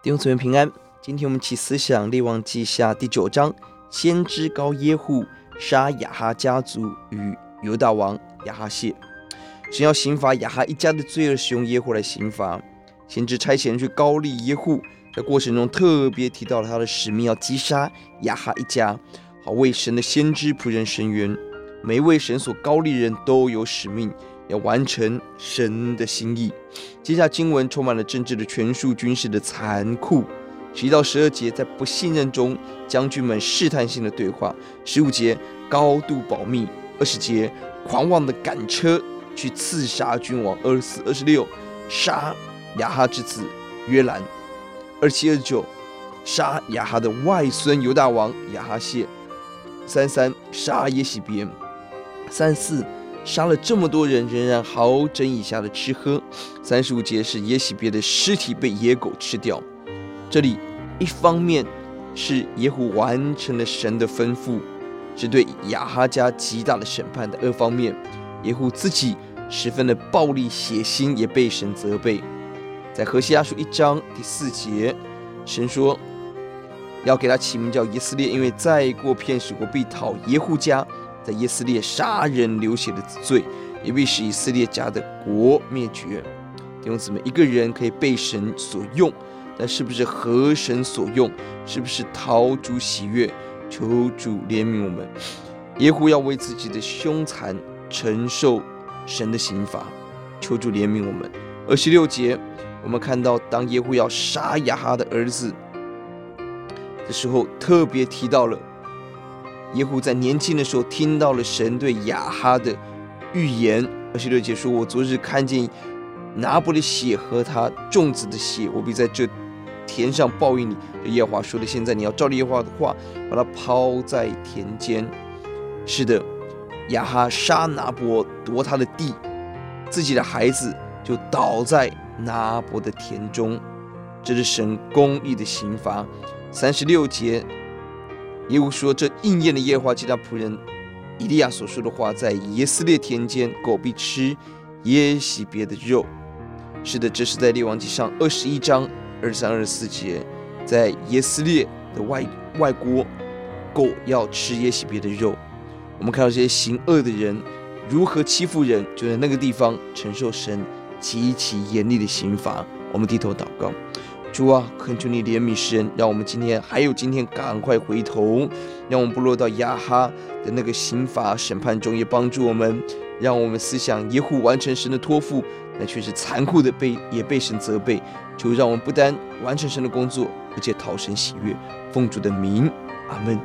弟兄姊妹平安，今天我們一起思想《列王紀下》第九章，先知膏耶戶殺亞哈家族與猶大王亞哈謝，神要刑罰亞哈一家的罪惡，使用耶戶來刑罰。先知差遣人去膏立耶戶，在過程中特別提到了他的使命，要擊殺亞哈一家，好為神的先知僕人伸冤。每一位神所膏立的人都有使命。要完成神的心意。接下經文充滿了政治的權術、軍事的殘酷。十一到十二節，在不信任中，將軍們試探性的對話。十五節，高度保密。二十節，狂妄的趕車去刺殺君王。二十四、二十六，殺亞哈之子約蘭。二七、二九，殺亞哈的外孫猶大王亞哈謝。三三，殺耶洗別。三四。殺了這麼多人，仍然好整以暇的吃喝。三十五節是，耶洗別的屍體被野狗吃掉。這裡一方面是耶戶完成了神的吩咐，是對亞哈家極大的審判的。二方面，耶戶自己十分的暴力血腥，也被神責備。在何西亞書一章第四節，神說要給他起名叫耶斯列，因為再過片時我必討耶戶家，在以色列殺人流血的罪，也必使以色列家的國滅絕。弟兄姊妹，一個人可以被神所用，但是不是合神所用？是不是討主喜悅？求主憐憫我們。耶戶要為自己的兇殘承受神的刑罰，求主憐憫我們。二十六節，我們看到當耶戶要殺亞哈的兒子的時候，特別提到了。耶戶在年輕的時候聽到了神對亞哈的預言，二十六節說：“我昨日看見拿伯的血和他眾子的血，我必在這田上報應你。”這耶和華說的，現在你要照着耶和華的話，把它拋在田間。”是的，亞哈殺拿伯，奪他的地，自己的孩子就倒在拿伯的田中，這是神公義的刑罰。三十六節。耶戶說：“這應驗的耶和華，藉他僕人以利亞所說的話，在耶斯列田間，狗必吃耶洗別的肉。”是的，這是在《列王紀》上二十一章二十三、二十四節，在耶斯列的外、外郭，狗要吃耶洗別的肉。我們看到這些行惡的人如何欺負人，就在那個地方承受神極其嚴厲的刑罰。我們低頭禱告。主啊，懇求你憐憫世人，讓我們今天還有今天趕快回頭，讓我們不落到亞哈的那個刑罰審判中，也幫助我們，讓我們思想也護完成神的托付，那卻是殘酷的被也被神責備。求讓我們不單完成神的工作，而且討神喜悅，奉主的名，阿門。